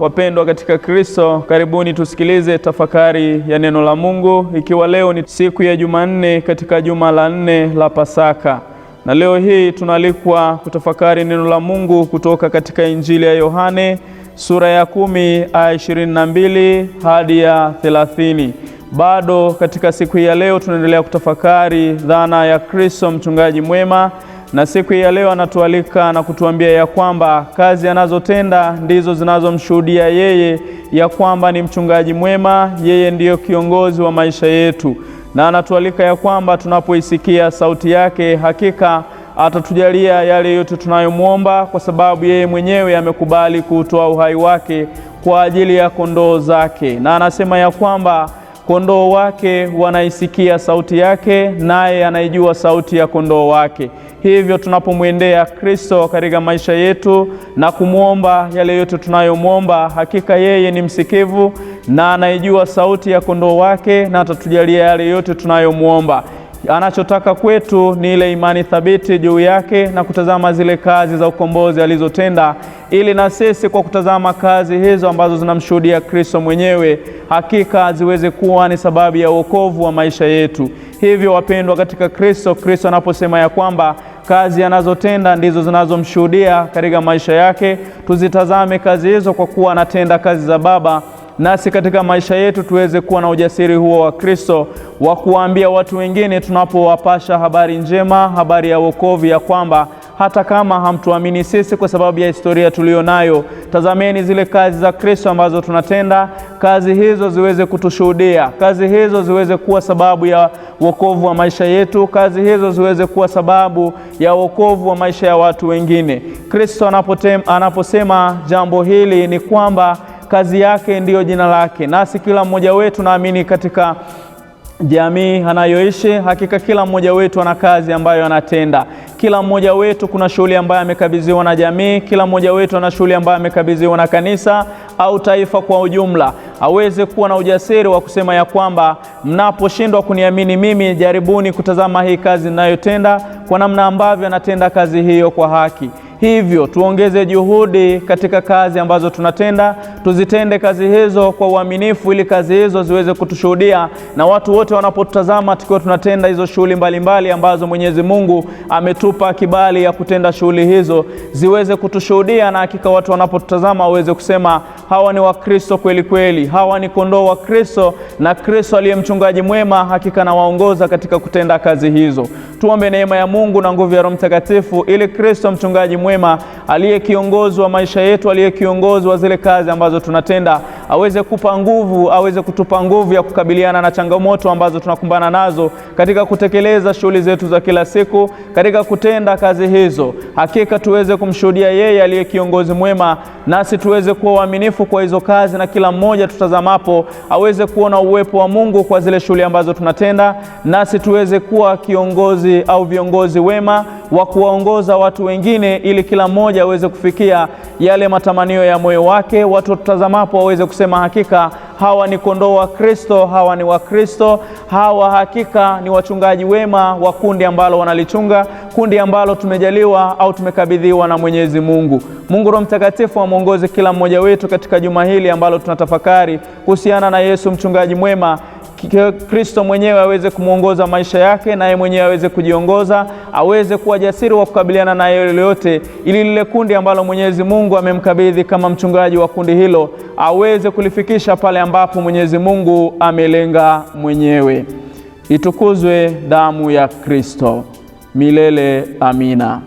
wapendwa katika Kristo, karibuni tusikilize tafakari ya neno la Mungu, ikiwa leo ni siku ya Jumanne katika juma la nne la Pasaka, na leo hii tunaalikwa kutafakari neno la Mungu kutoka katika Injili ya Yohane sura ya kumi aya ishirini na mbili hadi ya thelathini. Bado katika siku hii ya leo tunaendelea kutafakari dhana ya Kristo mchungaji mwema na siku ya leo anatualika na kutuambia ya kwamba kazi anazotenda ndizo zinazomshuhudia yeye ya kwamba ni mchungaji mwema, yeye ndiyo kiongozi wa maisha yetu, na anatualika ya kwamba tunapoisikia sauti yake hakika atatujalia yale yote tunayomwomba, kwa sababu yeye mwenyewe amekubali kuutoa uhai wake kwa ajili ya kondoo zake, na anasema ya kwamba kondoo wake wanaisikia sauti yake, naye anaijua sauti ya kondoo wake. Hivyo tunapomwendea Kristo katika maisha yetu na kumwomba yale yote tunayomwomba, hakika yeye ni msikivu na anaijua sauti ya kondoo wake na atatujalia yale yote tunayomwomba. Anachotaka kwetu ni ile imani thabiti juu yake na kutazama zile kazi za ukombozi alizotenda ili na sisi kwa kutazama kazi hizo ambazo zinamshuhudia Kristo mwenyewe, hakika ziweze kuwa ni sababu ya wokovu wa maisha yetu. Hivyo wapendwa katika Kristo, Kristo anaposema ya kwamba kazi anazotenda ndizo zinazomshuhudia katika maisha yake, tuzitazame kazi hizo kwa kuwa anatenda kazi za Baba nasi katika maisha yetu tuweze kuwa na ujasiri huo wa Kristo wa kuwaambia watu wengine tunapowapasha habari njema, habari ya wokovu, ya kwamba hata kama hamtuamini sisi kwa sababu ya historia tuliyo nayo Tazameni zile kazi za Kristo ambazo tunatenda, kazi hizo ziweze kutushuhudia, kazi hizo ziweze kuwa sababu ya wokovu wa maisha yetu, kazi hizo ziweze kuwa sababu ya wokovu wa maisha ya watu wengine. Kristo anaposema jambo hili ni kwamba kazi yake ndiyo jina lake, nasi kila mmoja wetu naamini katika jamii anayoishi. Hakika kila mmoja wetu ana kazi ambayo anatenda. Kila mmoja wetu kuna shughuli ambayo amekabidhiwa na jamii. Kila mmoja wetu ana shughuli ambayo amekabidhiwa na kanisa au taifa kwa ujumla. Aweze kuwa na ujasiri wa kusema ya kwamba mnaposhindwa kuniamini mimi, jaribuni kutazama hii kazi ninayotenda, kwa namna ambavyo anatenda kazi hiyo kwa haki. Hivyo tuongeze juhudi katika kazi ambazo tunatenda, tuzitende kazi hizo kwa uaminifu, ili kazi hizo ziweze kutushuhudia na watu wote wanapotutazama tukiwa tunatenda hizo shughuli mbalimbali ambazo Mwenyezi Mungu ametupa kibali ya kutenda shughuli hizo, ziweze kutushuhudia, na hakika watu wanapotutazama waweze kusema hawa ni Wakristo kweli kweli, hawa ni kondoo wa Kristo, na Kristo aliye mchungaji mwema hakika nawaongoza katika kutenda kazi hizo. Tuombe neema ya Mungu na nguvu ya Roho Mtakatifu ili Kristo mchungaji mwema aliye kiongozi wa maisha yetu, aliye kiongozi wa zile kazi ambazo tunatenda aweze kupa nguvu, aweze kutupa nguvu ya kukabiliana na changamoto ambazo tunakumbana nazo katika kutekeleza shughuli zetu za kila siku, katika kutenda kazi hizo. Hakika tuweze kumshuhudia yeye aliye kiongozi mwema, nasi tuweze kuwa waaminifu kwa hizo kazi, na kila mmoja tutazamapo aweze kuona uwepo wa Mungu kwa zile shughuli ambazo tunatenda, nasi tuweze kuwa kiongozi au viongozi wema wa kuwaongoza watu wengine, ili kila mmoja aweze kufikia yale matamanio ya moyo wake, watu watutazamapo waweze kusema hakika hawa ni kondoo wa Kristo, hawa ni Wakristo, hawa hakika ni wachungaji wema wa kundi ambalo wanalichunga, kundi ambalo tumejaliwa au tumekabidhiwa na Mwenyezi Mungu. Mungu Roho Mtakatifu amwongoze kila mmoja wetu katika juma hili ambalo tunatafakari kuhusiana na Yesu mchungaji mwema. Kristo mwenyewe aweze kumwongoza maisha yake, naye mwenyewe aweze kujiongoza, aweze kuwa jasiri wa kukabiliana na yoyote, ili lile kundi ambalo Mwenyezi Mungu amemkabidhi kama mchungaji wa kundi hilo aweze kulifikisha pale ambapo Mwenyezi Mungu amelenga mwenyewe. Itukuzwe damu ya Kristo! Milele amina.